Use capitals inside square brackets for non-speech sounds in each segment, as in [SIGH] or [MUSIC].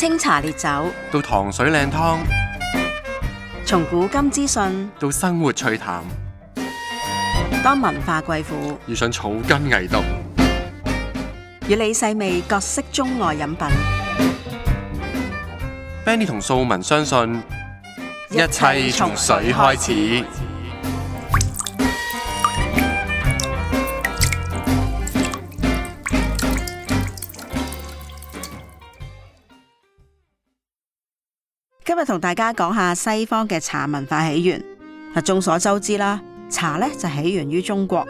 清茶烈酒，到糖水靚湯；從古今資訊到生活趣談，當文化貴婦遇上草根藝毒，與你細味各式中外飲品。Benny 同素文相信，一切從水開始。今日同大家講下西方嘅茶文化起源。嗱，眾所周知啦，茶咧就起源於中國，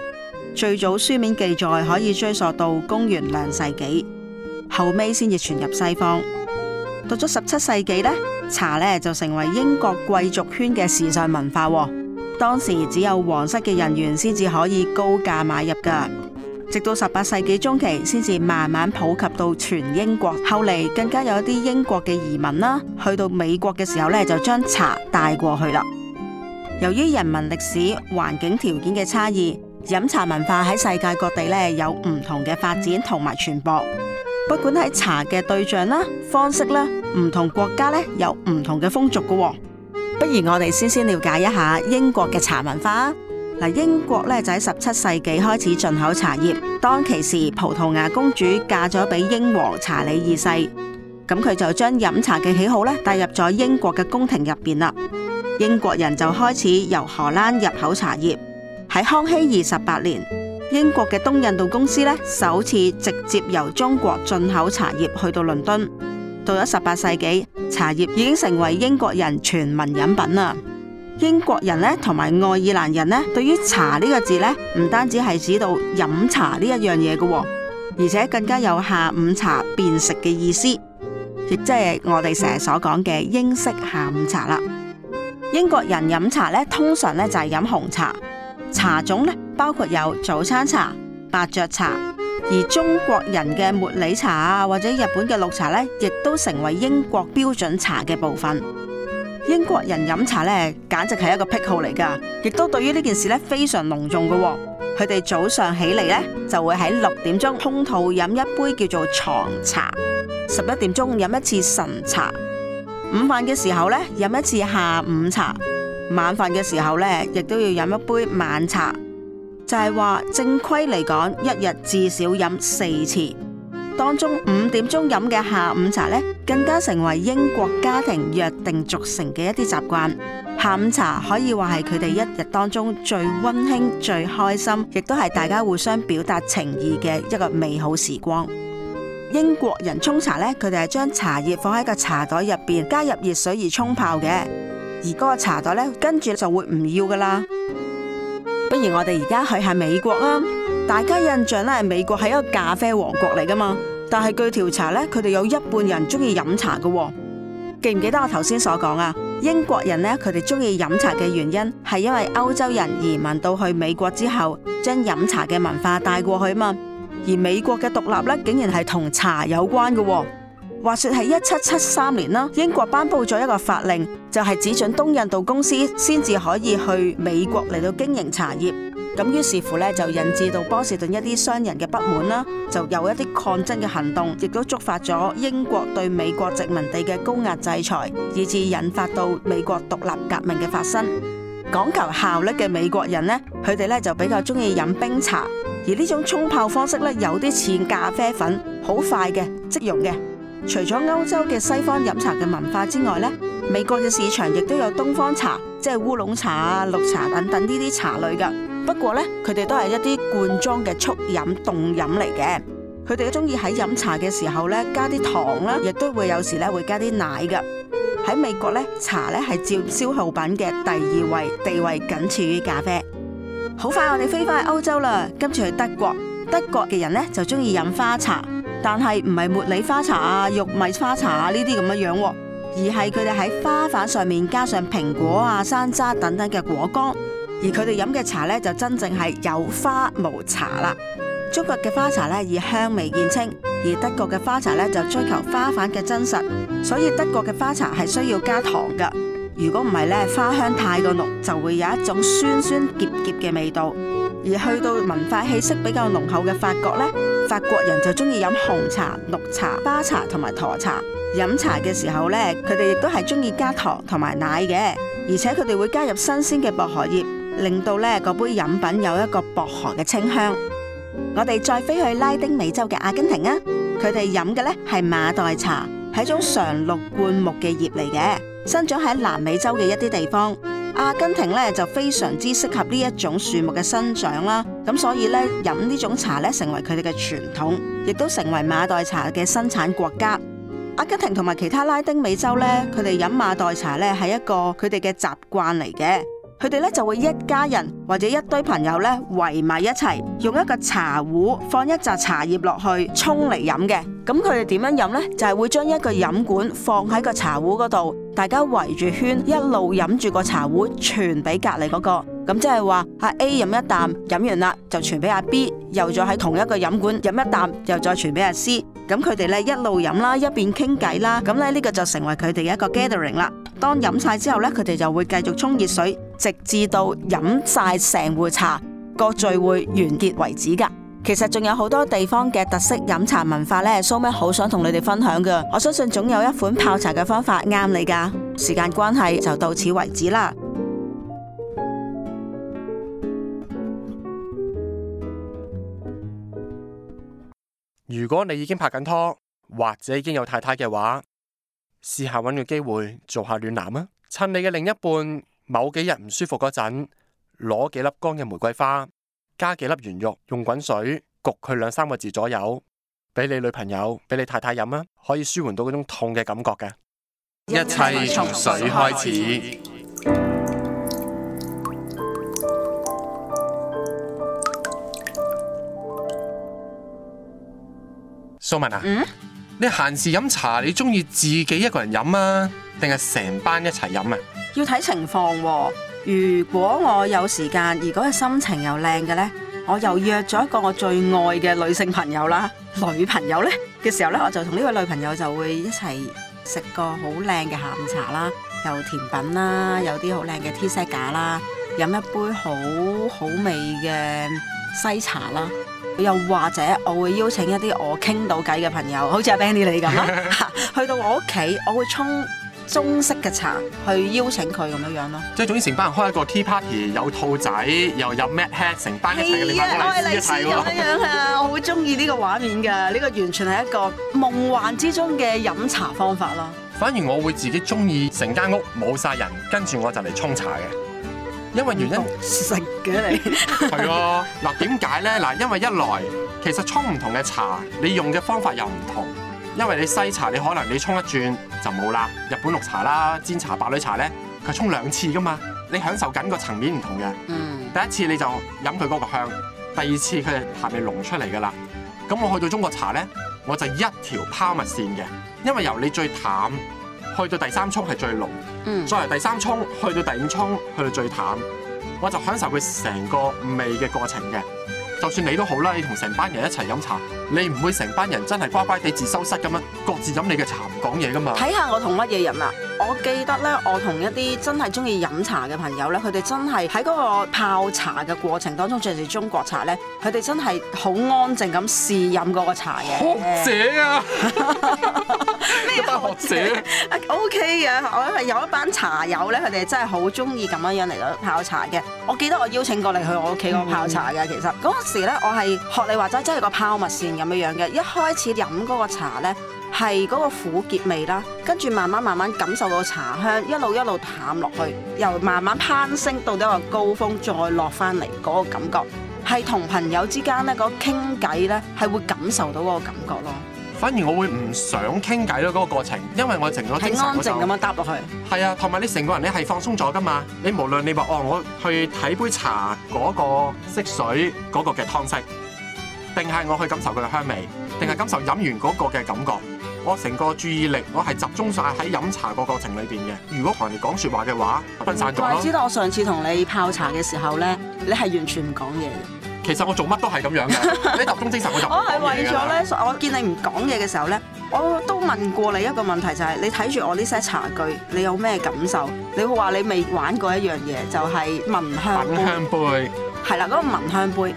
最早書面記載可以追溯到公元兩世紀，後尾先至傳入西方。到咗十七世紀呢，茶咧就成為英國貴族圈嘅時尚文化，當時只有皇室嘅人員先至可以高價買入㗎。直到十八世紀中期，先至慢慢普及到全英國。後嚟更加有一啲英國嘅移民啦，去到美國嘅時候咧，就將茶帶過去啦。由於人民歷史、環境條件嘅差異，飲茶文化喺世界各地咧有唔同嘅發展同埋傳播。不管喺茶嘅對象啦、方式啦，唔同國家咧有唔同嘅風俗噶。啊、不如我哋先先了解一下英國嘅茶文化。嗱，英國咧就喺十七世紀開始進口茶葉。當其時，葡萄牙公主嫁咗俾英皇查理二世，咁佢就將飲茶嘅喜好咧帶入咗英國嘅宮廷入邊啦。英國人就開始由荷蘭入口茶葉。喺康熙二十八年，英國嘅東印度公司咧首次直接由中國進口茶葉去到倫敦。到咗十八世紀，茶葉已經成為英國人全民飲品啦。英國人咧，同埋愛爾蘭人咧，對於茶呢個字咧，唔單止係指到飲茶呢一樣嘢嘅，而且更加有下午茶便食嘅意思，亦即係我哋成日所講嘅英式下午茶啦。英國人飲茶咧，通常咧就係飲紅茶，茶種咧包括有早餐茶、伯爵茶，而中國人嘅茉莉茶啊，或者日本嘅綠茶咧，亦都成為英國標準茶嘅部分。英國人飲茶咧，簡直係一個癖好嚟噶，亦都對於呢件事咧非常隆重噶喎。佢哋早上起嚟咧，就會喺六點鐘空肚飲一杯叫做床茶；十一點鐘飲一次晨茶；午飯嘅時候咧飲一次下午茶；晚飯嘅時候咧，亦都要飲一杯晚茶。就係話正規嚟講，一日至少飲四次。當中五點鐘飲嘅下午茶咧，更加成為英國家庭約定俗成嘅一啲習慣。下午茶可以話係佢哋一日當中最溫馨、最開心，亦都係大家互相表達情意嘅一個美好時光。英國人沖茶咧，佢哋係將茶葉放喺個茶袋入邊，加入熱水而沖泡嘅。而嗰個茶袋咧，跟住就會唔要噶啦。不如我哋而家去下美國啊！大家印象咧，係美國係一個咖啡王國嚟噶嘛，但係據調查咧，佢哋有一半人中意飲茶嘅哦。記唔記得我頭先所講啊？英國人咧，佢哋中意飲茶嘅原因係因為歐洲人移民到去美國之後，將飲茶嘅文化帶過去啊嘛。而美國嘅獨立咧，竟然係同茶有關嘅哦。話說喺一七七三年啦，英國頒布咗一個法令，就係只准東印度公司先至可以去美國嚟到經營茶葉。咁於是乎咧，就引致到波士頓一啲商人嘅不滿啦，就有一啲抗爭嘅行動，亦都觸發咗英國對美國殖民地嘅高壓制裁，以致引發到美國獨立革命嘅發生。講求效率嘅美國人呢，佢哋咧就比較中意飲冰茶，而呢種沖泡方式咧有啲似咖啡粉，好快嘅即溶嘅。除咗歐洲嘅西方飲茶嘅文化之外咧，美國嘅市場亦都有東方茶，即係烏龍茶啊、綠茶等等呢啲茶類㗎。不過咧，佢哋都係一啲罐裝嘅速飲凍飲嚟嘅，佢哋都中意喺飲茶嘅時候咧加啲糖啦，亦都會有時咧會加啲奶噶。喺美國咧，茶咧係照消耗品嘅第二位地位，僅次於咖啡。好快我哋飛翻去歐洲啦，今次去德國，德國嘅人咧就中意飲花茶，但係唔係茉莉花茶啊、玉米花茶啊呢啲咁嘅樣，啊，而係佢哋喺花瓣上面加上蘋果啊、山楂等等嘅果乾。而佢哋飲嘅茶咧，就真正係有花無茶啦。中國嘅花茶咧，以香味見稱；而德國嘅花茶咧，就追求花粉嘅真實。所以德國嘅花茶係需要加糖噶。如果唔係咧，花香太過濃，就會有一種酸酸澀澀嘅味道。而去到文化氣息比較濃厚嘅法國呢，法國人就中意飲紅茶、綠茶、花茶同埋沱茶。飲茶嘅時候呢，佢哋亦都係中意加糖同埋奶嘅，而且佢哋會加入新鮮嘅薄荷葉。令到咧嗰杯飲品有一個薄荷嘅清香。我哋再飛去拉丁美洲嘅阿根廷啊，佢哋飲嘅咧係馬黛茶，係一種常綠灌木嘅葉嚟嘅，生長喺南美洲嘅一啲地方。阿根廷咧就非常之適合呢一種樹木嘅生長啦，咁所以咧飲呢種茶咧成為佢哋嘅傳統，亦都成為馬黛茶嘅生產國家。阿根廷同埋其他拉丁美洲咧，佢哋飲馬黛茶咧係一個佢哋嘅習慣嚟嘅。佢哋咧就會一家人或者一堆朋友咧圍埋一齊，用一個茶壺放一扎茶葉落去沖嚟飲嘅。咁佢哋點樣飲呢？就係會將一個飲管放喺個茶壺嗰度，大家圍住圈一路飲住個茶壺，傳俾隔離嗰個。咁即係話阿 A 飲一啖，飲完啦就傳俾阿 B，又再喺同一個飲管飲一啖，又再傳俾阿 C。咁佢哋咧一路飲啦，一邊傾偈啦。咁咧呢個就成為佢哋一個 gathering 啦。當飲晒之後咧，佢哋就會繼續沖熱水。直至到飲晒成壺茶，個聚會完結為止噶。其實仲有好多地方嘅特色飲茶文化呢，so 咩好想同你哋分享噶。我相信總有一款泡茶嘅方法啱你噶。時間關係就到此為止啦。如果你已經拍緊拖，或者已經有太太嘅話，試下搵個機會做下暖男啊！趁你嘅另一半。某幾日唔舒服嗰陣，攞幾粒乾嘅玫瑰花，加幾粒圓肉，用滾水焗佢兩三個字左右，俾你女朋友，俾你太太飲啊，可以舒緩到嗰種痛嘅感覺嘅。一切從水開始。蘇文啊。你閒時飲茶，你中意自己一個人飲啊，定係成班一齊飲啊？要睇情況喎，啊。如果我有時間，如果心情又靚嘅呢，我又約咗一個我最愛嘅女性朋友啦，女朋友呢嘅時候呢，我就同呢位女朋友就會一齊食個好靚嘅下午茶啦，又甜品啦，有啲好靚嘅 tea set 架啦，飲一杯好好味嘅西茶啦。又或者，我會邀請一啲我傾到偈嘅朋友，好似阿 Bandy 你咁 [LAUGHS] 去到我屋企，我會沖中式嘅茶去邀請佢咁樣樣咯。即係 [LAUGHS] [LAUGHS] 總之成班人開一個 tea party，有兔仔，又有 mad hat，成班一齊嘅你班朋友一齊樣 [LAUGHS] 啊，我好中意呢個畫面㗎。呢、呢個完全係一個夢幻之中嘅飲茶方法咯。反而我會自己中意成間屋冇晒人，跟住我就嚟沖茶嘅。因為原因食嘅你係啊嗱點解咧嗱？因為一來其實沖唔同嘅茶，你用嘅方法又唔同。因為你西茶你可能你沖一轉就冇啦。日本綠茶啦、煎茶、白女茶咧，佢沖兩次噶嘛。你享受緊個層面唔同嘅。嗯、第一次你就飲佢嗰個香，第二次佢係茶味濃出嚟噶啦。咁我去到中國茶咧，我就一條拋物線嘅，因為由你最淡。去到第三沖係最濃，再嚟第三沖去到第五沖去到最淡，我就享受佢成個味嘅過程嘅。就算你都好啦，你同成班人一齊飲茶，你唔會成班人真係乖乖地自修室咁樣，各自飲你嘅茶唔講嘢㗎嘛？睇下我同乜嘢飲啊。我記得咧，我同一啲真係中意飲茶嘅朋友咧，佢哋真係喺嗰個泡茶嘅過程當中，著、就、住、是、中國茶咧，佢哋真係好安靜咁試飲嗰個茶嘅學者啊！咩 [LAUGHS] 學者？O K 嘅。者 okay，我係有一班茶友咧，佢哋真係好中意咁樣樣嚟到泡茶嘅。我記得我邀請過你去我屋企嗰個泡茶嘅，其實嗰、嗯、時咧，我係學你話齋，真係個泡麥線咁樣樣嘅。一開始飲嗰個茶咧。係嗰個苦澀味啦，跟住慢慢慢慢感受到茶香，一路一路淡落去，又慢慢攀升到一個高峰，再落翻嚟嗰個感覺，係同朋友之間咧嗰傾偈咧，係會感受到嗰個感覺咯。反而我會唔想傾偈咯，嗰個過程，因為我係靜咗。喺安靜咁樣搭落去。係啊，同埋你成個人咧係放鬆咗噶嘛？你無論你話哦，我去睇杯茶嗰個色水嗰個嘅湯色，定係我去感受佢嘅香味，定係感受飲完嗰個嘅感覺。我成個注意力我係集中晒喺飲茶個過程裏邊嘅。如果同人哋講説話嘅話，分散咗咯。知道我上次同你泡茶嘅時候咧，你係完全唔講嘢嘅。其實我做乜都係咁樣嘅，你集中精神我就。我係為咗咧，我見你唔講嘢嘅時候咧，我都問過你一個問題，就係、是、你睇住我呢些茶具，你有咩感受？你會話你未玩過一樣嘢，就係、是、聞香杯。聞香杯係啦，嗰個聞香杯。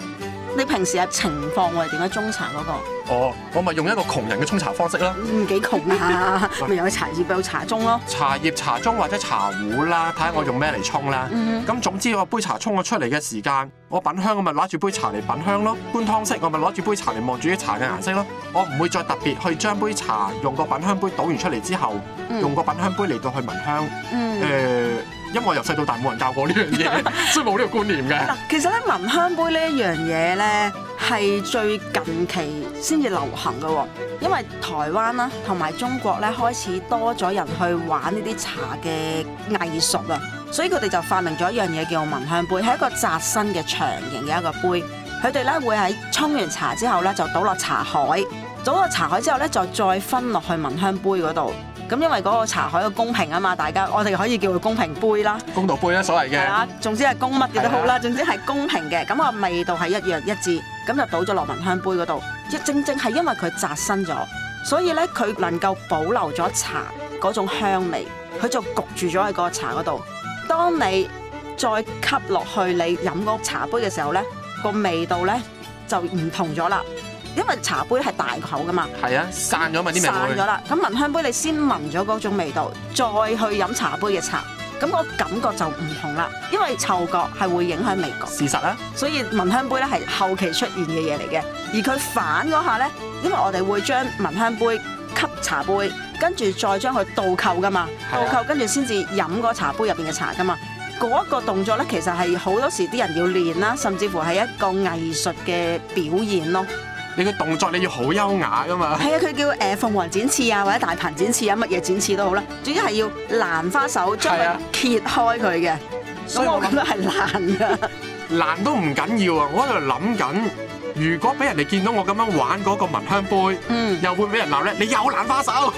你平時嘅情況係點解沖茶嗰、嗰個？哦，oh, 我咪用一個窮人嘅沖茶方式啦，唔幾窮啊，咪 [LAUGHS] 用茶葉茶盅、用茶盅咯。茶葉、茶盅或者茶壺啦，睇下我用咩嚟沖啦。咁、mm hmm. 總之我杯茶沖咗出嚟嘅時間，我品香，我咪攞住杯茶嚟品香咯。觀湯式色，mm hmm. 我咪攞住杯茶嚟望住啲茶嘅顏色咯。我唔會再特別去將杯茶用個品香杯倒完出嚟之後，用個品香杯嚟到去聞香。誒、mm。Hmm. Uh, 因為由細到大冇人教過呢樣嘢，所以冇呢個觀念嘅。 [LAUGHS] 其實咧，聞香杯呢一樣嘢咧，係最近期先至流行嘅喎。因為台灣啦，同埋中國咧，開始多咗人去玩呢啲茶嘅藝術啦，所以佢哋就發明咗一樣嘢叫做聞香杯，係一個窄身嘅長形嘅一個杯。佢哋咧會喺沖完茶之後咧，就倒落茶海，倒落茶海之後咧，就再分落去聞香杯嗰度。咁因為嗰個茶海個公平啊嘛，大家我哋可以叫佢公平杯啦，公道杯啦，所謂嘅。係啊，總之係公乜嘢都好啦，總之係公平嘅。咁個味道係一樣一致，咁就倒咗落聞香杯嗰度。一正正係因為佢窄身咗，所以咧佢能夠保留咗茶嗰種香味，佢就焗住咗喺個茶嗰度。當你再吸落去你飲嗰個茶杯嘅時候咧，個味道咧就唔同咗啦。因為茶杯係大個口噶嘛，係啊，散咗嘛啲味道，散咗啦。咁聞香杯你先聞咗嗰種味道，再去飲茶杯嘅茶，咁個感覺就唔同啦。因為嗅覺係會影響味覺，事實啦。所以聞香杯咧係後期出現嘅嘢嚟嘅，而佢反嗰下咧，因為我哋會將聞香杯吸茶杯，跟住再將佢倒扣噶嘛，倒、啊、扣跟住先至飲個茶杯入邊嘅茶噶嘛。嗰、那個動作咧，其實係好多時啲人要練啦，甚至乎係一個藝術嘅表現咯。你嘅動作你要好優雅噶嘛？係啊，佢叫誒鳳凰展翅啊，或者大鵬展翅啊，乜嘢展翅都好啦，總之係要蘭花手將佢是的 揭開佢嘅，所以我覺得係難噶。 [LAUGHS] 難都唔緊要啊！我喺度諗緊，如果俾人哋見到我咁樣玩嗰個聞香杯，嗯，又會俾人鬧咧，你又蘭花手。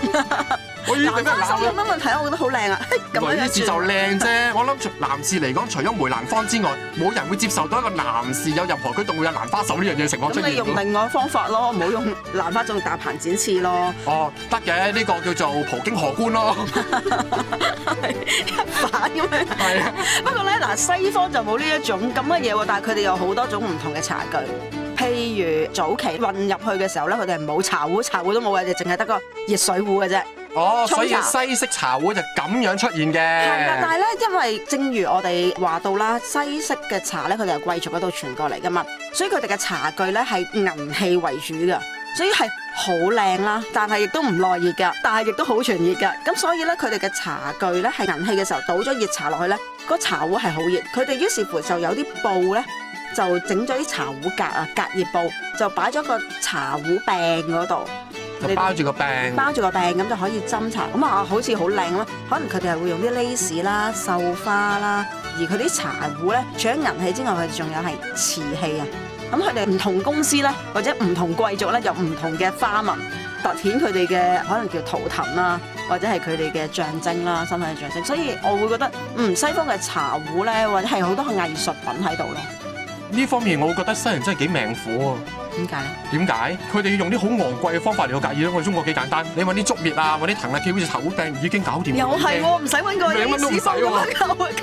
[LAUGHS] 我蘭、哎、花手有乜問題？我覺得好靚啊，咁樣住。就靚啫。我諗，從男士嚟講，除咗梅蘭芳之外，冇人會接受到一個男士有任何舉動會有蘭花手呢樣嘢情況出現。咁 [LAUGHS] 你用另外方法咯，唔好用蘭花，仲大鵬展翅咯。 [LAUGHS] 哦，得嘅，呢、這個叫做葡京荷官咯，一反咁樣。係不過咧，嗱，西方就冇呢一種咁嘅嘢喎，但係佢哋有好多種唔同嘅茶具，譬如早期運入去嘅時候咧，佢哋係冇茶壺，茶壺都冇嘅，就淨係得個熱水壺嘅啫。哦，所以西式茶壺就咁樣出現嘅。係啦、嗯，但係咧，因為正如我哋話到啦，西式嘅茶咧，佢哋係貴族嗰度傳過嚟嘅嘛，所以佢哋嘅茶具咧係銀器為主嘅，所以係好靚啦，但係亦都唔耐熱嘅，但係亦都好傳熱嘅。咁所以咧，佢哋嘅茶具咧係銀器嘅時候倒咗熱茶落去咧，個茶壺係好熱。佢哋於是乎就有啲布咧，就整咗啲茶壺格，啊隔熱布，就擺咗個茶壺柄嗰度。就包住個病，包住個病，咁就可以斟茶。咁啊，好似好靚咁，可能佢哋係會用啲 lace 啦、繡花啦。而佢啲茶壺咧，除咗銀器之外，佢仲有係瓷器啊。咁佢哋唔同公司咧，或者唔同貴族咧，有唔同嘅花紋，突顯佢哋嘅可能叫圖騰啦，或者係佢哋嘅象徵啦，身份嘅象徵。所以我會覺得，嗯，西方嘅茶壺咧，或者係好多藝術品喺度咯。呢方面我會覺得西人真係幾命苦啊！點解咧？點解？佢哋要用啲好昂貴嘅方法嚟到隔熱咧？我哋中國幾簡單，你搵啲竹篾啊，搵啲藤啊，吊住頭頂已經搞掂。又係，唔使搵個啲，兩蚊都唔使喎。夠啊，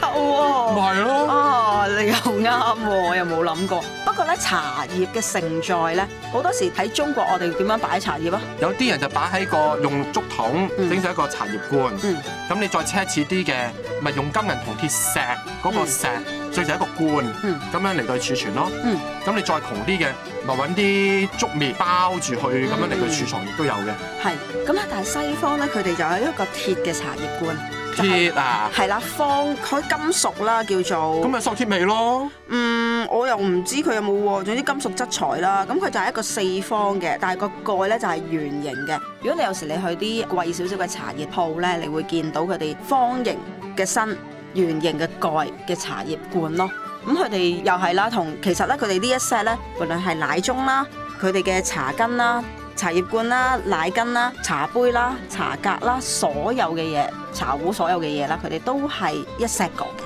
夠喎。唔係咯。啊，你又啱，我又冇諗過。不過咧，茶葉嘅承載咧，好多時睇中國我哋點樣擺茶葉咯。有啲人就擺喺個用竹筒整咗一個茶葉罐。嗯。咁你再奢侈啲嘅，咪用金銀銅鐵石嗰個石，再就一個罐。嗯。咁樣嚟到儲存咯。嗯。咁你再窮啲嘅。咪揾啲竹篾包住去咁樣嚟嘅儲藏亦都有嘅，係咁咧。但係西方咧，佢哋就係一個鐵嘅茶葉罐，鐵啊，係、就是、啦，方佢係金屬啦，叫做咁咪收鐵味咯。嗯，我又唔知佢有冇喎。總之金屬質材啦，咁、嗯、佢就係一個四方嘅，但係個蓋咧就係、是、圓形嘅。如果你有時你去啲貴少少嘅茶葉鋪咧，你會見到佢哋方形嘅身、圓形嘅蓋嘅茶葉罐咯。咁佢哋又係啦，同其實咧佢哋呢一 set 咧，無論係奶盅啦、佢哋嘅茶巾啦、茶葉罐啦、奶巾啦、茶杯啦、茶格啦，所有嘅嘢、茶壺所有嘅嘢啦，佢哋都係一 set 個嘅。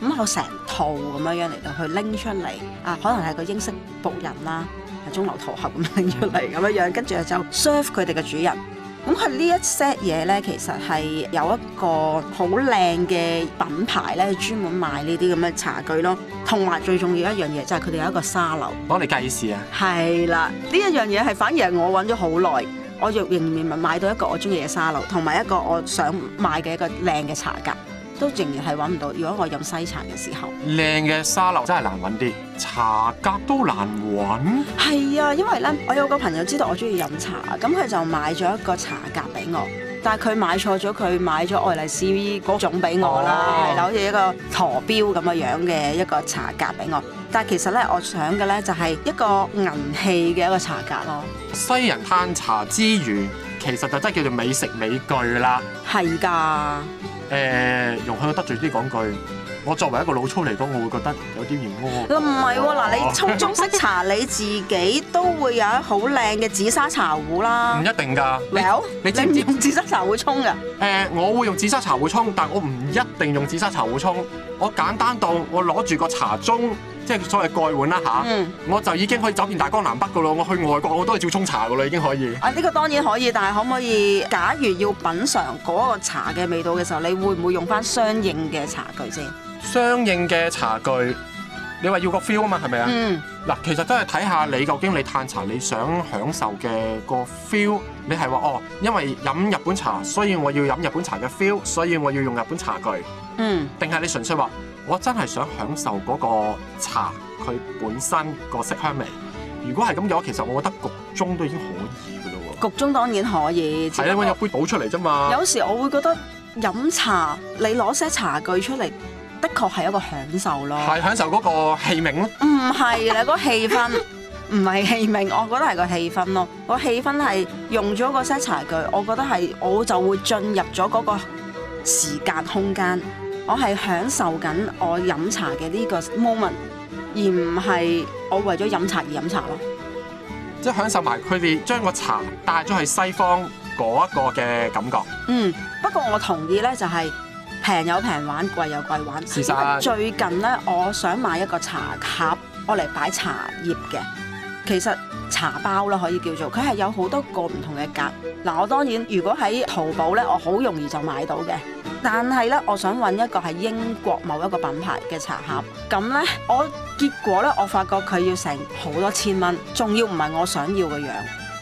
咁、嗯、有成套咁樣樣嚟到去拎出嚟啊，可能係個英式僕人啦，係鐘樓駝俠咁拎出嚟咁樣樣，跟住就 serve 佢哋嘅主人。咁佢呢一 set 嘢咧，其實係有一個好靚嘅品牌咧，專門賣呢啲咁嘅茶具咯。同埋最重要一樣嘢就係佢哋有一個沙漏。幫你計時啊！係啦，呢一樣嘢係反而係我揾咗好耐，我仲仍然買到一個我中意嘅沙漏，同埋一個我想買嘅一個靚嘅茶格。都仍然係揾唔到。如果我飲西茶嘅時候，靚嘅沙漏真係難揾啲，茶格都難揾。係啊，因為咧，我有個朋友知道我中意飲茶，咁佢就買咗一個茶格俾我，但係佢買錯咗，佢買咗愛麗絲嗰種俾我啦，係啦、好似、哦、一個陀錶咁嘅樣嘅一個茶格俾我。但係其實咧，我想嘅咧就係一個銀器嘅一個茶格咯。西人嘆茶之餘。其實就真係叫做美食美具啦，係㗎的。誒、呃，容許我得罪啲講句，我作為一個老粗嚟講，我會覺得有啲嚴苛唔係喎？嗱 [LAUGHS] 你沖中式茶你自己都會有一好靚嘅紫砂茶壺啦。唔一定㗎。 [LAUGHS] 你知唔知？用紫砂茶壺沖㗎？誒、呃，我會用紫砂茶壺沖，但我唔一定用紫砂茶壺沖。我簡單到我攞住個茶盅。即係所謂蓋碗啦嚇，啊嗯、我就已經可以走遍大江南北噶咯。我去外國我都係照沖茶噶啦，已經可以。啊，呢、呢個當然可以，但係可唔可以？假如要品嚐嗰個茶嘅味道嘅時候，你會唔會用翻相應嘅茶具先？相應嘅茶具，你話要個 feel 啊嘛，係咪啊？嗱、嗯，其實都係睇下你究竟你嘆茶你想享受嘅個 feel，你係話哦，因為飲日本茶，所以我要飲日本茶嘅 feel，所以我要用日本茶具。嗯，定係你純粹話？我真係想享受嗰個茶佢本身個色香味。如果係咁嘅話，其實我覺得焗盅都已經可以噶咯喎。焗盅當然可以，係啊，溫一杯倒出嚟啫嘛。有時我會覺得飲茶，你攞些茶具出嚟，的確係一個享受咯。係享受嗰個氣味咯。唔係你嗰氣氛唔係氣味， [LAUGHS] 我覺得係個氣氛咯。個氣氛係用咗嗰些茶具，我覺得係我就會進入咗嗰個時間空間。我係享受緊我飲茶嘅呢個 moment，而唔係我為咗飲茶而飲茶咯。即係享受埋佢哋將個茶帶咗去西方嗰一個嘅感覺。嗯，不過我同意呢，就係平有平玩，貴有貴玩。是啊的。最近呢，我想買一個茶盒，攞嚟擺茶葉嘅。其實茶包啦，可以叫做佢係有好多個唔同嘅格、格。嗱，我當然如果喺淘寶呢，我好容易就買到嘅。但係咧，我想揾一個係英國某一個品牌嘅茶盒咁咧，我結果咧，我發覺佢要成好多千蚊，仲要唔係我想要嘅樣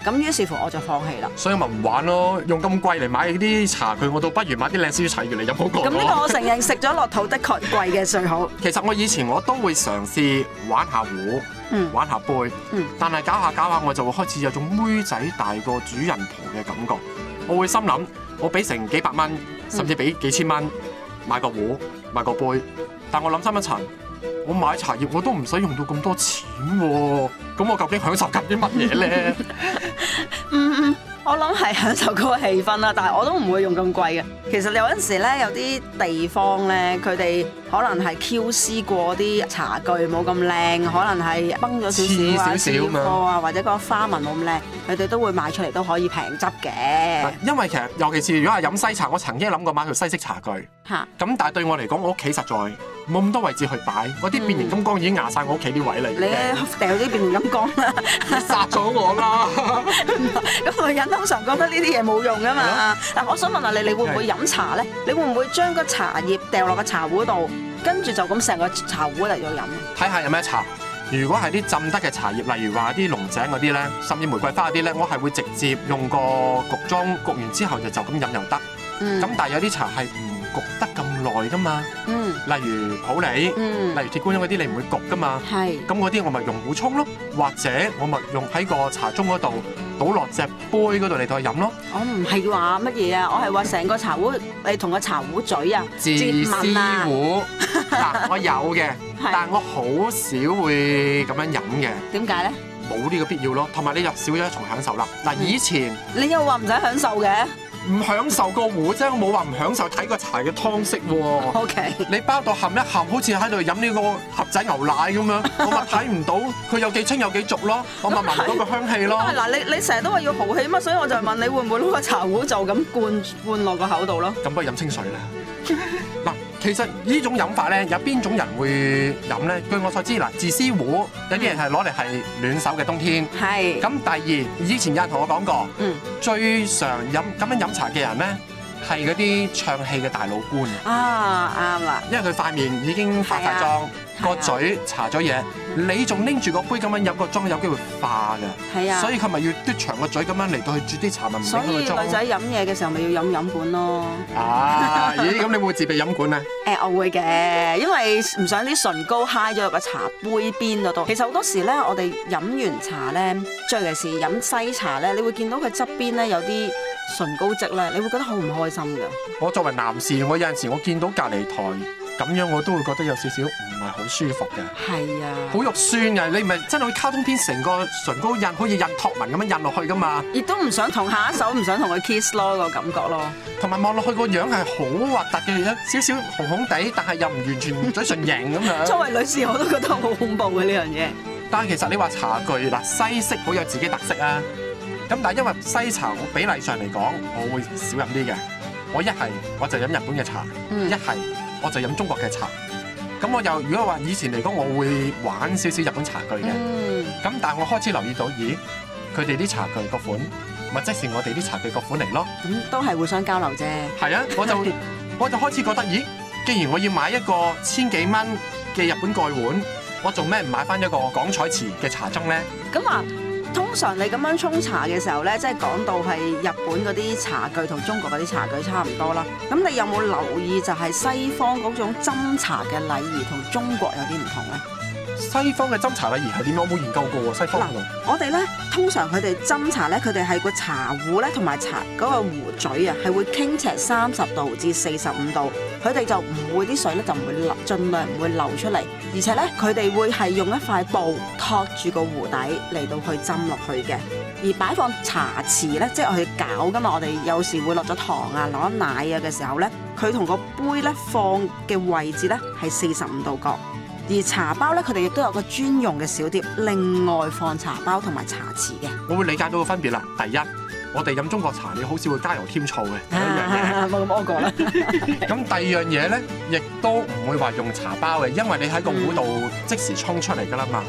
咁，於是乎我就放棄啦。所以咪唔玩咯，用咁貴嚟買啲茶，佢我倒不如買啲靚燒茶葉嚟飲好過。咁呢個我承認食咗落肚的確貴嘅最好。 [LAUGHS] 其實我以前我都會嘗試玩下壺，玩下杯，嗯嗯、但係搞下搞下我就會開始有種妹仔大過主人婆嘅感覺，我會心諗我俾成幾百蚊。甚至俾幾千蚊買個壺買個杯，但我諗深一層，我買茶葉我都唔使用到咁多錢喎，咁我究竟享受緊啲乜嘢咧？嗯， [LAUGHS] 我諗係享受嗰個氣氛啦，但係我都唔會用咁貴嘅。其實有陣時咧，有啲地方咧，佢哋。可能係 QC 過啲茶具冇咁靚，可能係崩咗少少少裂過啊，或者個花紋冇咁靚，佢哋都會賣出嚟都可以平執嘅。因為其實尤其是如果係飲西茶，我曾經諗過買條西式茶具。嚇、啊！咁但係對我嚟講，我屋企實在冇咁多位置去擺，我啲變形金剛已經壓晒我屋企啲位嚟。嗯、你掉啲變形金剛啦，殺咗我啦！咁 [LAUGHS] 女 [LAUGHS] 人通常覺得呢啲嘢冇用㗎嘛。嗱， [LAUGHS] 我想問下你，你，你會唔會飲茶咧？是你會唔會將個茶葉掉落個茶壺度？ [LAUGHS] [LAUGHS] 跟住就咁成個茶壺嚟到飲，睇下有咩茶。如果係啲浸得嘅茶葉，例如話啲龍井啲咧，甚至玫瑰花啲咧，我係會直接用個焗盅焗完之後就就咁飲又得。嗯，咁但係有啲茶係唔。焗得咁耐噶嘛？嗯，例如普洱，嗯，例如鐵觀音嗰啲，你唔會焗噶嘛？係是，咁嗰啲我咪用壺沖咯，或者我咪用喺個茶盅嗰度倒落隻杯嗰度嚟同佢飲咯。我唔係話乜嘢啊，我係話成個茶壺，你同個茶壺嘴啊接絲壺嗱，我有嘅， [LAUGHS] 但係我好少會咁樣飲嘅。點解咧？冇呢個必要咯，同埋你入少咗一重享受啦。嗱，以前、嗯、你又話唔使享受嘅。唔享受個壺，啫，我冇話唔享受睇個茶嘅湯色喎。Okay. 你包到含一含，好似喺度飲呢個盒仔牛奶咁樣。我咪睇唔到佢有幾清有幾濁咯，我咪聞到個香氣咯。嗱， [LAUGHS] 你你成日都話要豪氣吖嘛，所以我就問你會唔會攞個茶壺就咁灌灌落個口度咯？咁不如飲清水啦。 [LAUGHS] 其實呢種飲法咧，有邊種人會飲咧？據我所知，嗱，自私壺有啲人係攞嚟係暖手嘅冬天。係是。咁第二，以前有人同我講過，嗯，最常飲咁樣飲茶嘅人咧，係嗰啲唱戲嘅大老倌。啊、哦，啱啦，因為佢塊面已經化晒妝。個嘴搽咗嘢，你仲拎住個杯咁樣飲個妝，有機會化嘅。係啊，所以琴日要嘟長個嘴咁樣嚟到去煮啲茶咪唔嗰個妝。所以女仔飲嘢嘅時候咪要飲飲管咯。啊，咦、 [LAUGHS] 啊？咁你會唔會自備飲管啊？誒、欸，我會嘅，因為唔想啲唇膏揩咗入個茶杯邊嗰度。其實好多時咧，我哋飲完茶咧，尤其是飲西茶咧，你會見到佢側邊咧有啲唇膏漬咧，你會覺得好唔開心嘅。我作為男士，我有陣時我見到隔離台。咁樣我都會覺得有少少唔係好舒服嘅，係啊，好肉酸嘅。你唔係真係會卡通片成個唇膏印，好似印托文咁樣印落去噶嘛？亦都唔想同下一手，唔想同佢 kiss 咯個感覺咯。同埋望落去個樣係好核突嘅，有少少紅紅地，但係又唔完全嘴唇型咁樣。 [LAUGHS] 作為女士，我都覺得好恐怖嘅呢樣嘢。 [LAUGHS] 但係其實你話茶具嗱西式好有自己特色啊。咁但係因為西茶我比例上嚟講，我會少飲啲嘅。我一係我就飲日本嘅茶，一係、嗯。我就飲中國嘅茶，咁我又如果話以前嚟講，我會玩少少日本茶具嘅，咁但係我開始留意到，咦，佢哋啲茶具個款，咪即係我哋啲茶具個款嚟咯。咁都係互相交流啫。係啊，我就我就開始覺得，咦， [LAUGHS] 既然我要買一個千幾蚊嘅日本蓋碗，我做咩唔買翻一個廣彩瓷嘅茶盅咧？咁啊。通常你咁樣沖茶嘅時候呢，即係講到係日本嗰啲茶具同中國嗰啲茶具差唔多啦。咁你有冇留意就係西方嗰種斟茶嘅禮儀同中國有啲唔同呢？西方嘅斟茶禮儀係點樣？我冇研究過西方，嗯、我哋咧通常佢哋斟茶咧，佢哋係個茶壺咧同埋茶嗰個壺嘴啊，係會傾斜三十度至四十五度。佢哋就唔會啲水咧就唔會流，盡量唔會流出嚟。而且咧佢哋會係用一塊布托住個壺底嚟到去斟落去嘅。而擺放茶匙咧，即係去搞㗎嘛。我哋有時會落咗糖啊、攞奶啊嘅時候咧，佢同個杯咧放嘅位置咧係四十五度角。而茶包咧，佢哋亦都有個專用嘅小碟，另外放茶包同埋茶匙嘅。我會理解到個分別啦。第一，我哋飲中國茶，你好少會加油添醋嘅，第一樣嘢，冇咁惡講啦。咁 [LAUGHS] 第二樣嘢咧，亦都唔會話用茶包嘅，因為你喺個壺度即時沖出嚟㗎啦嘛。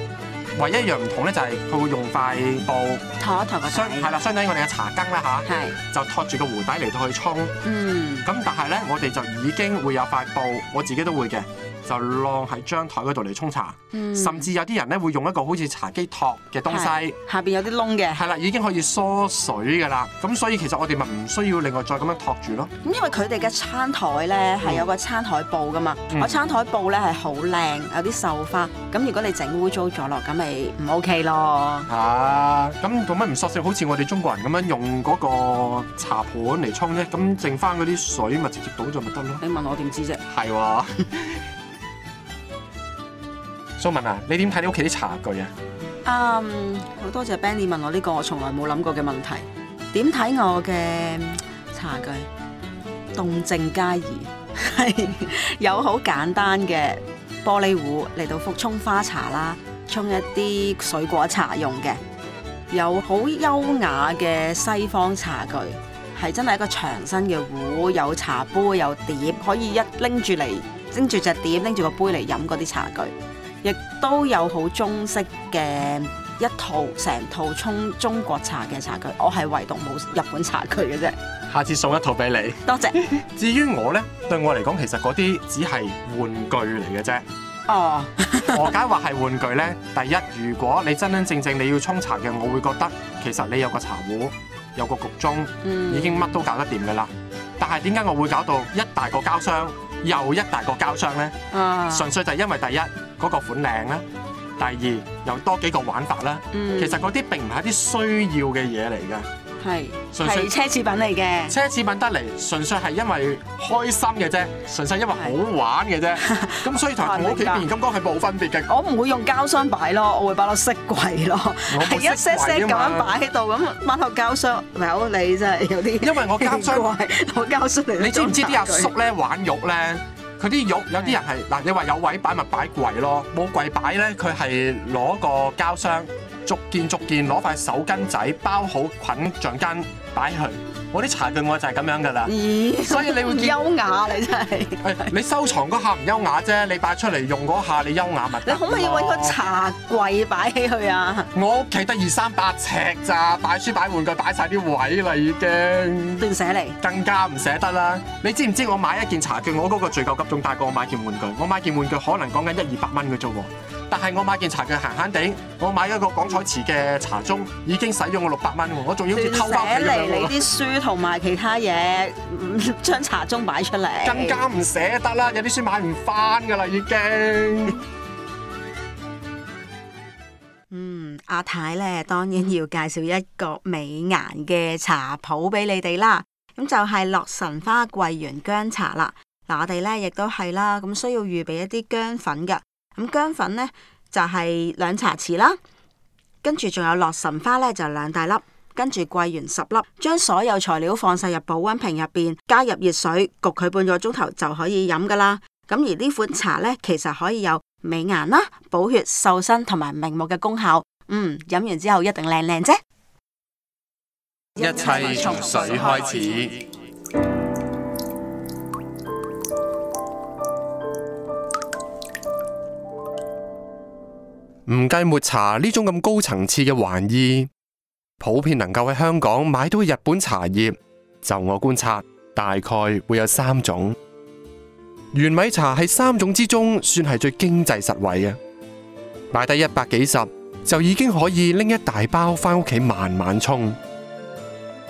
唯一一樣唔同咧，就係、是、佢會用塊布、嗯、托一托個底，係啦，相對底我哋嘅茶羹咧嚇，是就托住個壺底嚟到去沖。咁、嗯、但係咧，我哋就已經會有塊布，我自己都會嘅。就晾喺張台嗰度嚟沖茶，嗯、甚至有啲人咧會用一個好似茶几托嘅東西，下邊有啲窿嘅，係啦，已經可以疏水嘅啦。咁所以其實我哋咪唔需要另外再咁樣托住咯。咁因為佢哋嘅餐台咧係有個餐台布噶嘛，個、嗯、餐台布咧係好靚，有啲繡花。咁如果你整污糟咗落，咁咪唔 OK 咯。啊，咁做乜唔索性好似我哋中國人咁樣用嗰個茶盤嚟沖啫？咁剩翻嗰啲水咪直接倒咗咪得咯？你問我點知啫？係喎。蘇文啊，你點睇你屋企啲茶具啊？嗯，好多謝 Benny 問我呢個我從來冇諗過嘅問題。點睇我嘅茶具？動靜皆宜，係有好簡單嘅玻璃壺嚟到覆沖花茶啦，沖一啲水果茶用嘅，有好優雅嘅西方茶具，係真係一個長身嘅壺，有茶杯有碟，可以一拎住嚟拎住隻碟，拎住個杯嚟飲嗰啲茶具。亦都有好中式嘅一套成套沖中國茶嘅茶具，我係唯獨冇日本茶具嘅啫。下次送一套俾你，多謝。 [LAUGHS] 至於我呢，對我嚟講，其實嗰啲只係玩具嚟嘅啫。哦，何解話係玩具呢？第一，如果你真真正正你要沖茶嘅，我會覺得其實你有個茶壺，有個焗盅，已經乜都搞得掂嘅啦。但係點解我會搞到一大個膠箱又一大個膠箱呢？oh. 純粹就係因為第一。嗰個款靚啦，第二又多幾個玩法啦。其實嗰啲並唔係啲需要嘅嘢嚟嘅，係純粹係奢侈品嚟嘅。奢侈品得嚟純粹係因為開心嘅啫，純粹因為好玩嘅啫。咁所以同我屋企變金剛係冇分別嘅。我唔會用膠箱擺咯，我會擺落飾櫃咯，係一色色咁樣擺喺度，咁抹落膠箱。唔係我你真係有啲因為我膠箱，我膠箱嚟。你知唔知啲阿叔咧玩玉咧？佢啲肉有啲人係，的你話有位擺咪擺櫃咯，冇櫃擺呢，佢係攞個膠箱，逐件逐件攞塊手巾仔包好捆橡筋擺去。我啲茶具我就係咁樣㗎啦，欸、所以你會見優雅你真係。 [LAUGHS] 你收藏嗰下唔優雅啫，你擺出嚟用嗰下你優雅咪。你可唔可以揾個茶櫃擺起佢啊？我屋企得二三百尺咋，擺書擺玩具擺晒啲位啦已經。斷捨離？更加唔捨得啦。你知唔知我買一件茶具，我嗰個最夠急仲帶過我買件玩具，我買件玩具可能講緊一二百蚊嘅啫喎。但係我買件茶具閒閒哋，我買一個廣彩瓷嘅茶盅，已經使咗我六百蚊，我仲要好似偷包咁樣。寫嚟，你啲書同埋其他嘢，將茶盅擺出嚟。更加唔捨得啦，有啲書買唔翻噶啦，已經。嗯，阿太咧，當然要介紹一個美顏嘅茶譜俾你哋啦。咁就係洛神花桂圓薑茶、嗯、啦。嗱，我哋咧亦都係啦，咁需要預備一啲薑粉嘅。咁薑粉呢，就係兩茶匙啦，跟住仲有洛神花呢，就兩大粒，跟住桂圓十粒，將所有材料放晒入保溫瓶入邊，加入熱水焗佢半個鐘頭就可以飲噶啦。咁而呢款茶呢，其實可以有美顏啦、補血、瘦身同埋明目嘅功效。嗯，飲完之後一定靚靚啫。一切從水開始。唔計抹茶呢種咁高層次嘅玩意，普遍能夠喺香港買到嘅日本茶葉，就我觀察，大概會有三種。玄米茶喺三種之中，算係最經濟實惠嘅，買低一百幾十就已經可以拎一大包翻屋企慢慢沖。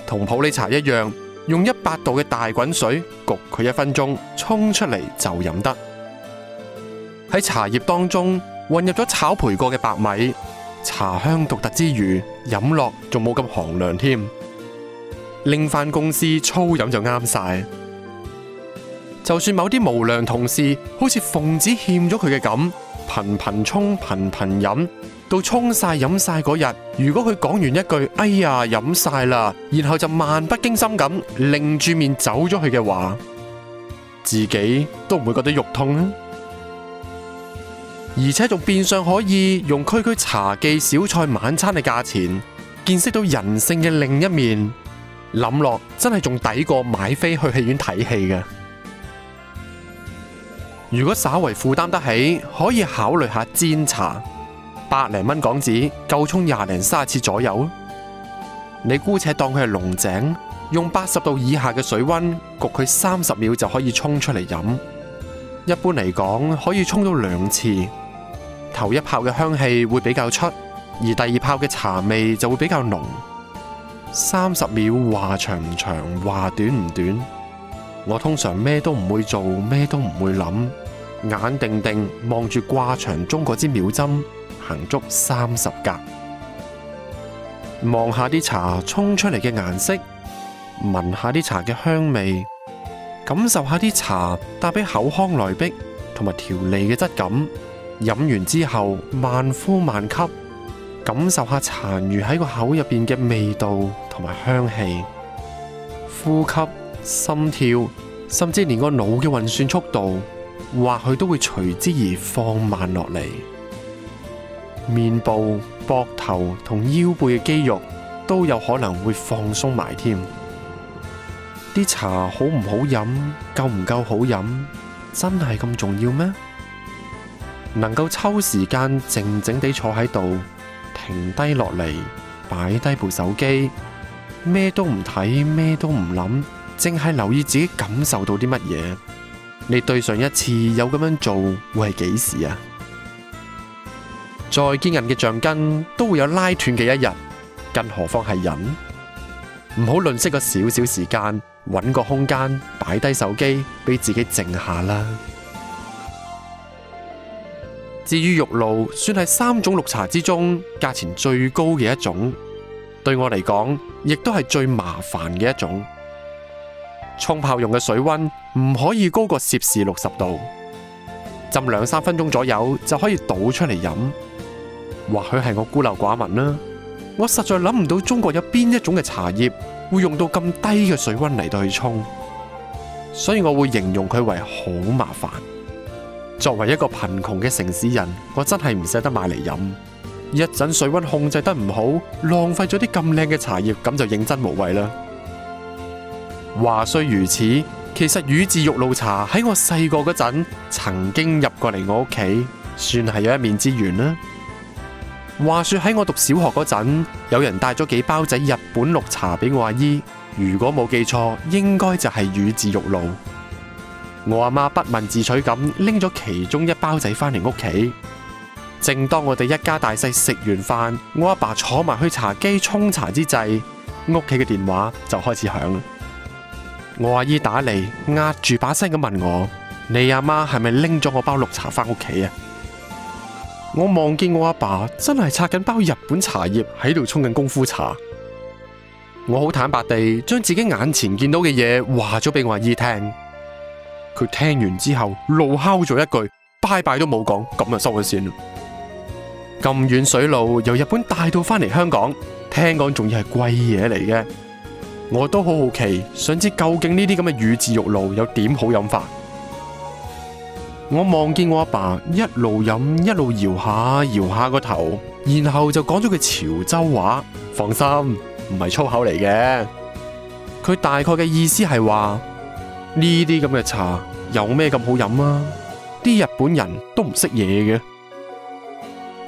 同普洱茶一樣，用一百度嘅大滾水焗佢一分鐘，沖出嚟，就飲得。喺茶葉當中，混入咗炒焙過嘅白米，茶香獨特之餘，飲落仲冇咁寒涼添。拎返公司粗飲就啱晒。就算某啲無良同事好似奉旨欠咗佢嘅咁，頻頻沖頻頻飲，到沖晒飲晒嗰日，如果佢講完一句哎呀飲晒啦，然後就漫不經心咁擰住面走咗佢嘅話，自己都唔會覺得肉痛啊。而且仲變相可以用區區茶記小菜晚餐嘅價錢見識到人性嘅另一面，諗落真係仲抵過買飛去戲院睇戲嘅。如果稍為負擔得起，可以考慮下煎茶，百零蚊港紙夠沖廿零三次左右。你姑且當佢係龍井，用八十度以下嘅水温焗佢三十秒就可以沖出嚟飲。一般嚟講，可以沖到兩次。頭一泡嘅香氣會比較出，而第二泡嘅茶味就會比較濃。三十秒話長唔長，話短唔短。我通常咩都唔會做，咩都唔會諗，眼定定望住掛牆中嗰支秒針，行足三十格，望下啲茶沖出嚟嘅顏色，聞下啲茶嘅香味，感受下啲茶搭俾口腔內壁同埋條脷嘅質感。飲完之後，慢呼慢吸，感受下殘餘喺個口入邊嘅味道同埋香氣，呼吸、心跳，甚至連個腦嘅運算速度，或許都會隨之而放慢落嚟。面部、膊頭同腰背嘅肌肉都有可能會放鬆埋添。啲茶好唔好飲，夠唔夠好飲，真係咁重要咩？能夠抽時間靜靜地坐喺度，停低落嚟，擺低部手機，咩都唔睇，咩都唔諗，淨係留意自己感受到啲乜嘢。你對上一次有咁樣做，會係幾時啊？再堅韌嘅橡筋都會有拉斷嘅一日，更何況係人？唔好吝嗇個少少時間，搵個空間，擺低手機，俾自己靜下啦。至於玉露，算係三種綠茶之中價錢最高嘅一種，對我嚟講，亦都係最麻煩嘅一種。沖泡用嘅水溫唔可以高過攝氏六十度，浸兩三分鐘左右就可以倒出嚟飲。或許係我孤陋寡聞啦、啊，我實在諗唔到中國有邊一種嘅茶葉會用到咁低嘅水溫嚟對去沖，所以我會形容佢為好麻煩。作為一個貧窮嘅城市人，我真係唔捨得買嚟飲。一陣水溫控制得唔好，浪費咗啲咁靚嘅茶葉，咁就認真無謂啦。話雖如此，其實宇治玉露茶喺我細個嗰陣曾經入過嚟我屋企，算係有一面之緣啦。話說喺我讀小學嗰陣，有人帶咗幾包仔日本綠茶俾我阿姨，如果冇記錯，應該就係宇治玉露。我阿媽不問自取咁拎咗其中一包仔返嚟屋企。正當我哋一家大細食完飯，我阿爸，爸坐埋去茶几沖茶之際，屋企嘅電話就開始響。我阿姨打嚟，壓住把聲咁問我：你阿媽係咪拎咗我包綠茶返屋企啊？我望見我阿爸，爸真係拆緊包日本茶葉喺度沖緊功夫茶，我好坦白地將自己眼前見到嘅嘢話咗俾我阿姨聽。佢聽完之後怒敲咗一句，拜拜都冇講，咁就收咗線。咁遠水路由日本帶到翻嚟香港，聽講仲要係貴嘢嚟嘅，我都好好奇，想知究竟呢啲咁嘅宇治玉露有點好飲法。我望見我阿爸一路飲一路搖下搖下個頭，然後就講咗句潮州話：放心，唔係粗口嚟嘅。佢大概嘅意思係話。呢啲咁嘅茶有咩咁好飲啊？啲日本人都唔識嘢嘅。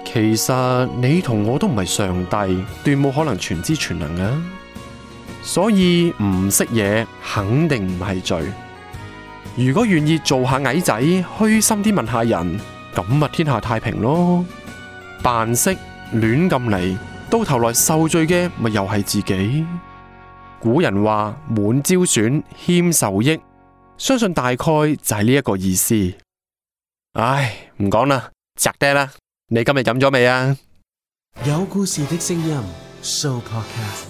其實你同我都唔係上帝，斷冇可能全知全能嘅啊。所以唔識嘢肯定唔係罪。如果願意做下矮仔，虛心啲問下人，咁咪天下太平咯。扮識亂咁嚟，到頭來受罪嘅咪又係自己。古人話，滿招損，謙受益。相信大概就係呢一個意思。唉，唔講啦，扎爹啦，你今日飲咗未啊？有故事的聲音，Show Podcast